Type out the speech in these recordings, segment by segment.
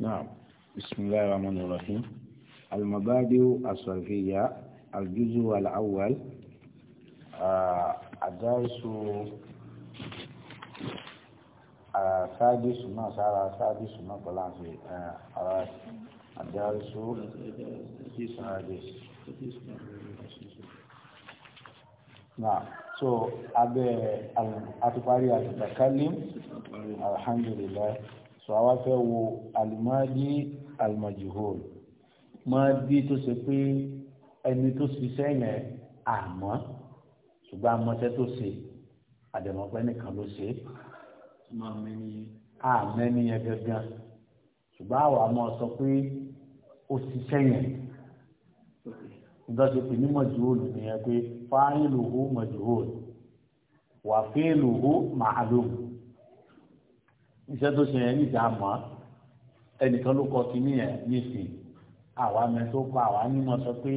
نعم بسم الله الرحمن الرحيم المبادئ الصرفية الجزء الأول آه الدرس السادس آه، ما صار السادس ما طلع في الدرس آه، السادس نعم so أبي أتقاري أتكلم الحمد لله sọ àwa fẹ́ wo alimadi almajihol madi tó ṣe pé ẹni tó ṣiṣẹ́ yẹn àmọ́ ṣùgbọ́n amọ̀ṣẹ́ tó ṣe àdèmọ̀pẹ́ nìkan ló ṣe àmẹ́ni yẹn gẹ́gẹ́ ṣùgbọ́n àwa máa sọ pé ó ṣiṣẹ́ yẹn ìdọ́sẹ̀ pé ní mọ̀jùhóòlù nìyẹn pé fáyìlùhù mọ̀jùhóòlù wàfẹ́lùhù màálùmù iṣẹ́ tó ṣe yẹn ní ìjà mọ́ ẹnìkan ló kọ kínní yẹn nísìn àwa mẹ tó kọ àwa nímọ̀ sọ pé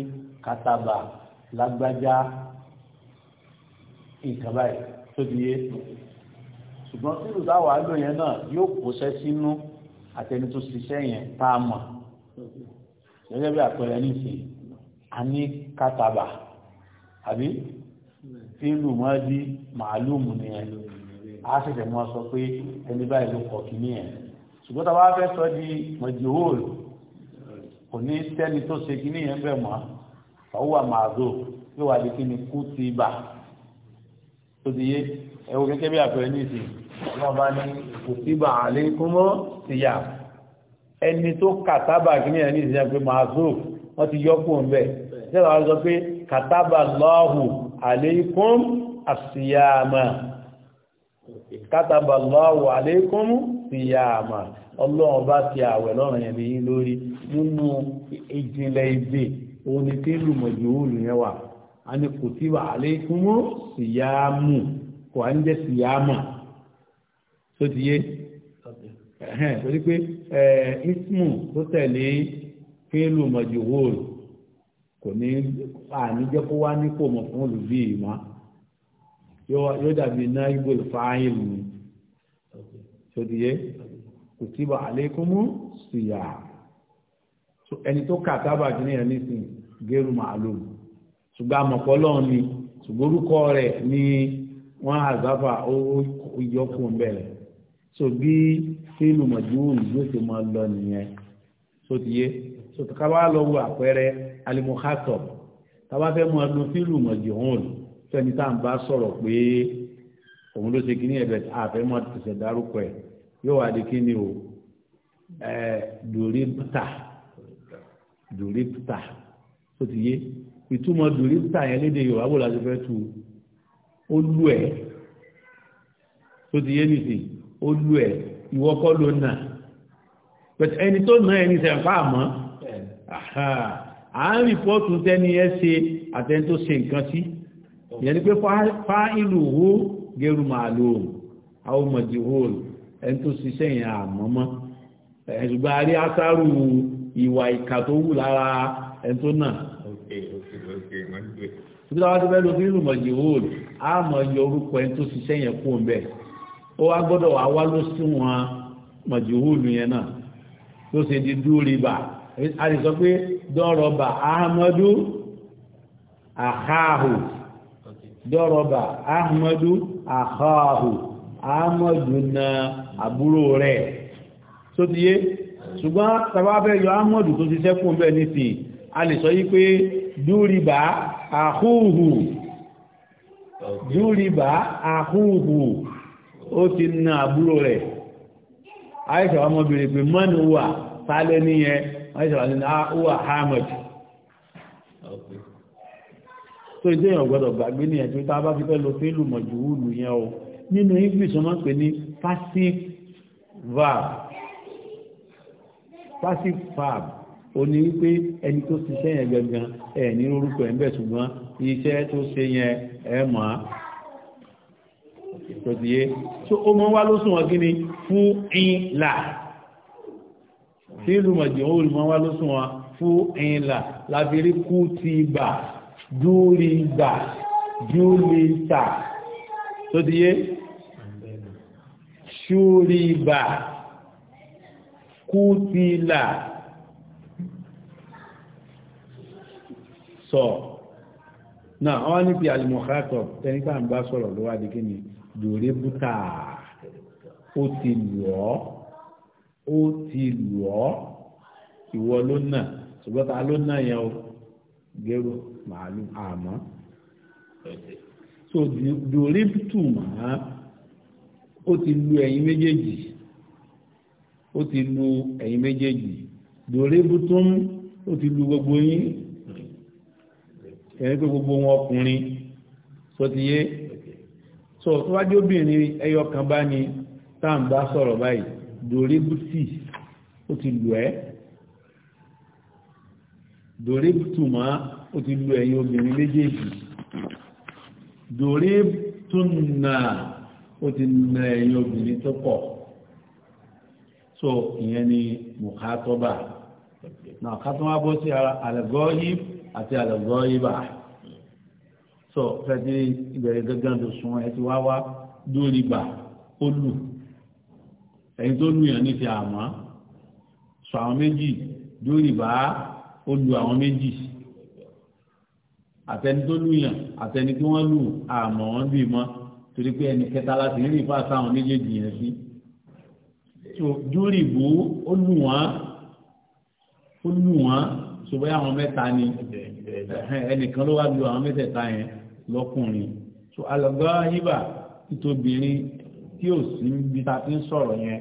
kátàbà lágbájá nǹkan báyìí tó ti yé ṣùgbọ́n tí ìlú táwa lò yẹn náà yóò kóṣẹ́ sínú àtẹni tó ṣiṣẹ́ yẹn tá a mọ̀ gẹ́gẹ́ bí àpẹẹrẹ nísìn a ní kátàbà àbí fílù mọ́ di màálùmù nìyẹn lórí a ṣẹ̀ṣẹ̀ mọ́ sọ pé ẹni báyìí ló kọ̀ kí ní ẹ̀ ṣùgbọ́n tàbá fẹ́ sọ di mọ̀jìhóòl kò ní sẹ́ni tó ṣe kí ní ẹ̀ bẹ̀ mọ́ ọwọ́ àmàdó yóò wà lẹ́kí ni kú ti bà tó ti yé ẹwọ gẹ́gẹ́ bí àpẹẹrẹ ní ìsìn wọ́n bá ní kò sí bà àlẹ́ kúmọ́ ti yà ẹni tó kàtábà kí ní ẹ̀ ní ìsìn pé màdó wọ́n ti yọ́ kùn bẹ́ẹ̀ sẹ́wọ̀n á sọ pé kàtábà lọ́hùn àlẹ́ àṣìyàmà kátàbà lọ́wọ́ ti yà àmà ọlọ́run bá ti àwẹ̀ lọ́rùn yẹn ní lórí nínú ìjìnlẹ̀ ìdè òní tí lùmọ̀jù òòlù yẹn wà á ní kò tí wà àlékún ti yà á kò á ń jẹ́ ti yà ismu tó tẹ̀lé fi lùmọ̀jù òòlù kò ní àníjẹ́ kó wá nípò mọ̀ fún olùbí yóò dàbí iná ibùl fáyìn ni sódìyẹ kùtìbà àlékúmú síyà ẹni tó kà tábà jù níyàn nísìnyí gẹrù màálùm ṣùgbọ́n àmọ̀pọ̀ lọ́wọ́ ni ṣùgbọ́n orúkọ rẹ̀ ni wọ́n àzáfà ó yọkùn bẹ̀rẹ̀ so bí fíìlù mọ̀júùn yóò ṣe máa lọ nìyẹn sódìyẹ sọtàkàbà lọ wo àpẹẹrẹ alimuhatọ tàbá fẹ́ mọ ọdún fíìlù mọ̀júùn fẹ́ni tá à ń bá sọ̀rọ̀ pé òun ló ṣe kíní ẹ̀bẹ̀ àfẹ́ mọ́ tẹ̀sẹ̀ dárúkọ ẹ̀ yóò wá di kíní o dùrípítà dùrípítà tó ti yé ìtumọ̀ dùrípítà yẹn léde Yorùbá bò láti fẹ́ tu ó lù ẹ̀ tó ti yé nìsín ó lù ẹ̀ ìwọ kọ́ ló nà pẹ̀tẹ́ ẹni tó nà ẹni sẹ̀ ń pa àmọ́ à ń ẹ ṣe àtẹ́ni tó ṣe nǹkan sí. Si ìyẹn pé fa ìlú hó gẹrù màlúù àwọn mọ̀jì hóòlù ẹni tó ṣiṣẹ́ yẹn àmọ́mọ́ ẹ̀ṣùgbọ́n àrí asárù ìwà ìkà tó wù lára ẹni tó náà ṣùgbọ́n àwọn tó fẹ́ lo fi ìlú mọ̀jì hóòlù á mọ̀ yọ orúkọ ẹni tó ṣiṣẹ́ yẹn kú ń ó wá gbọ́dọ̀ wá wá ló sí wọn mọ̀jì hóòlù yẹn náà tó ṣe di dúrí bá a lè sọ pé dọ́rọ̀ bá ahamadu akáhù dọ́rọ̀bà ahmadu àkọ́ọ̀hù ahmadu na àbúrò rẹ̀ tó ti yé ṣùgbọ́n tàbábẹ́ yọ ahmadu tó ti sẹ́kùn bẹ́ẹ̀ nìsìn a lè sọ yí pé dúrìbà àhúhù dúrìbà àhúhù ó ti na àbúrò rẹ̀ àìṣàwọ́mọ́bìnrin pé mọ́nù wà tálẹ́ níyẹn àìṣàwọ́ tó ilé èèyàn gbọ́dọ̀ gbàgbé ní ẹ̀jú tá a bá fi fẹ́ lo fílù mọ̀jú wùlù yẹn o nínú english wọ́n pè ní passive verb passive verb o ní wípé ẹni tó ṣiṣẹ́ yẹn gangan ẹ̀ ní orúkọ ẹ̀ ń bẹ̀ ṣùgbọ́n iṣẹ́ tó ṣe yẹn ẹ̀ mọ̀ á ìtòtíyé tó ó mọ́ wá ló sùn wọn gíní fún ìlà fílù mọ̀jú wùlù mọ́ wá ló wọn fún ìlà láfi rí kú ti bà júlígbà júlíta tó ti yé ṣúrígbà kútìlà sọ náà wọ́n ní ti alìmọ̀kátọ̀ ẹni tá ń bá sọ̀rọ̀ ló wá di kí ni jòrè bútà ó ti lọ́ ó ti lọ́ ìwọ ló náà ṣùgbọ́n ló náà yẹn o gẹ́rù màálù àmọ́ so dòríptù màá ó ti lu ẹ̀yin méjèèjì ó ti lu ẹ̀yin méjèèjì dòríptù ó ti lu gbogbo yín ẹ̀yin pé gbogbo wọn ọkùnrin sọ ti yé so síwájú obìnrin ẹyọ kan bá ní tá à ń bá sọ̀rọ̀ báyìí dòríptù ó ti lu ẹ́ dòrébtùmá ó ti lu ẹ̀yin obìnrin méjèèjì dòrébtùnà ó ti na ẹ̀yin obìnrin tó pọ̀ so ìyẹn ni mùkátọ́bà náà kátọ́bà bọ́ sí àlẹ́gọ́ọ́yì àti àlẹ́gọ́ọ́yìbà so fẹ́ẹ́ ìbẹ̀rẹ̀ gángan tó sun ẹ ti wá wá dóríbà ó lù ẹ̀yin tó lù yàn ní ti àmọ́ sọ àwọn méjì dóríbà á ó lu àwọn méjì àtẹni tó lùyàn àtẹni tí wọ́n lù àmọ́ wọn bì mọ́ torí pé ẹni kẹta láti rí ìfà sáwọn méjèèjì yẹn sí júrì bú ó lù wọ́n ó lù wọ́n ṣùgbọ́n àwọn mẹ́ta ni ẹnìkan ló wá lu àwọn mẹ́tẹ̀ẹ̀ta yẹn lọ́kùnrin so alọ́gbá yíbà títóbìnrin tí ò sí bí ta ti ń sọ̀rọ̀ yẹn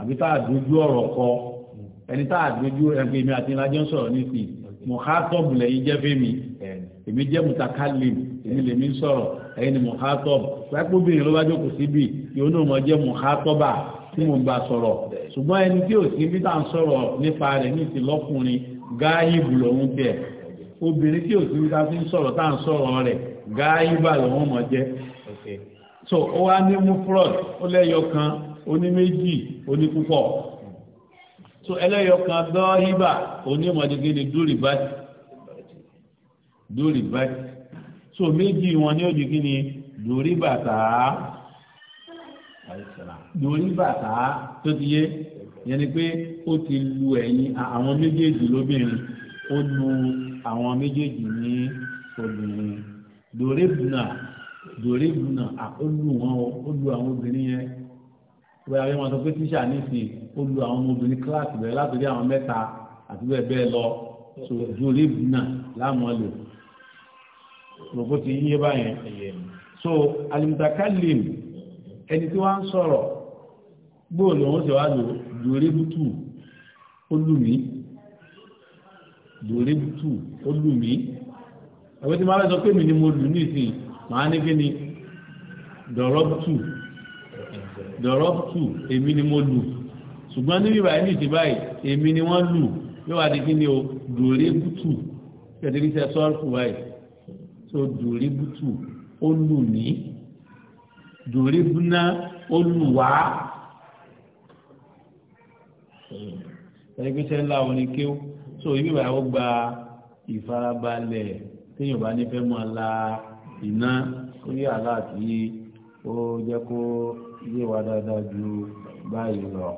àbí tá a dojú ọ̀rọ̀ kọ ẹni tá àgbéjú ẹgbẹ́ mi àti ìlàjọ́ ń sọ̀rọ̀ ní ti mọ̀hátọ́bù lẹ́yìn jẹ́ fẹ́mi èmi jẹ́ mutakalim èmi lèmi ń sọ̀rọ̀ ẹ̀yin ni mọ̀hátọ́bù pẹ́pọ́bìnrin ló bá jókòó síbi yóò náà mọ̀ jẹ́ mọ̀hátọ́bà tí mo ń bá sọ̀rọ̀ ṣùgbọ́n ẹni tí ò sí bí tá à ń sọ̀rọ̀ nípa rẹ̀ ní ti lọ́kùnrin gáyìbù lòun tẹ̀ obìnrin tí ò sí bí tá a ń sọ̀rọ̀ tá à ń sọ̀rọ̀ rẹ̀ gáyìbà lòun mọ̀ jẹ́ so ó wá ní mufrod ó lẹ́yọ kan ó ní méjì ó ní púpọ̀ so ẹlẹ́yọkan dọ́híbà onímọ̀dégé ni dúrì báyìí dúrì báyìí so méjì wọn ni ó di kí ni dúrì bàtà dúrì bàtà tó ti yé yẹn ni pé ó ti lu ẹ̀yìn àwọn méjèèjì lóbìnrin ó lu àwọn méjèèjì ní obìnrin dòrébùnà dòrébùnà ó lu wọn ó lu àwọn obìnrin yẹn bóyá wọ́n máa sọ pé tíṣà nísìn ó lu àwọn ọmọbìnrin kíláàsì rẹ̀ látòrí àwọn mẹ́ta àti bẹ́ẹ̀ bẹ́ẹ̀ lọ ju oríbù náà láàmú rògbò ti yíyé báyẹn so alimutakalim ẹni tí wọ́n ń sọ̀rọ̀ gbóòlù òun sì wá lò ju oríbù tù ó lù mí lórí tù ó lù mí ẹgbẹ́ tí máa rẹ̀ sọ pé mi ni mo lù ní ìsìn màá ní kí ni dọ̀rọ̀ tù dọ̀rọ́pù èmi ni mo lù ṣùgbọ́n níbi báyìí ní ìdí báyìí èmi ni wọ́n lù yóò wá di kí ni o dòrí bùtù kẹ́tẹ́rí sẹ́ sọ́ọ̀fù báyìí so dòrí bùtù ó lù ní dòrí búná ó lù wá ẹgbẹ́sẹ̀ ńlá wọn ni kéw so ibi báyìí ó gba ìfarabalẹ̀ téèyàn bá ní fẹ́ mọ́ la iná ó yẹ aláàtì yìí ó jẹ́ kó yé wa dáadáa ju báyìí lọ.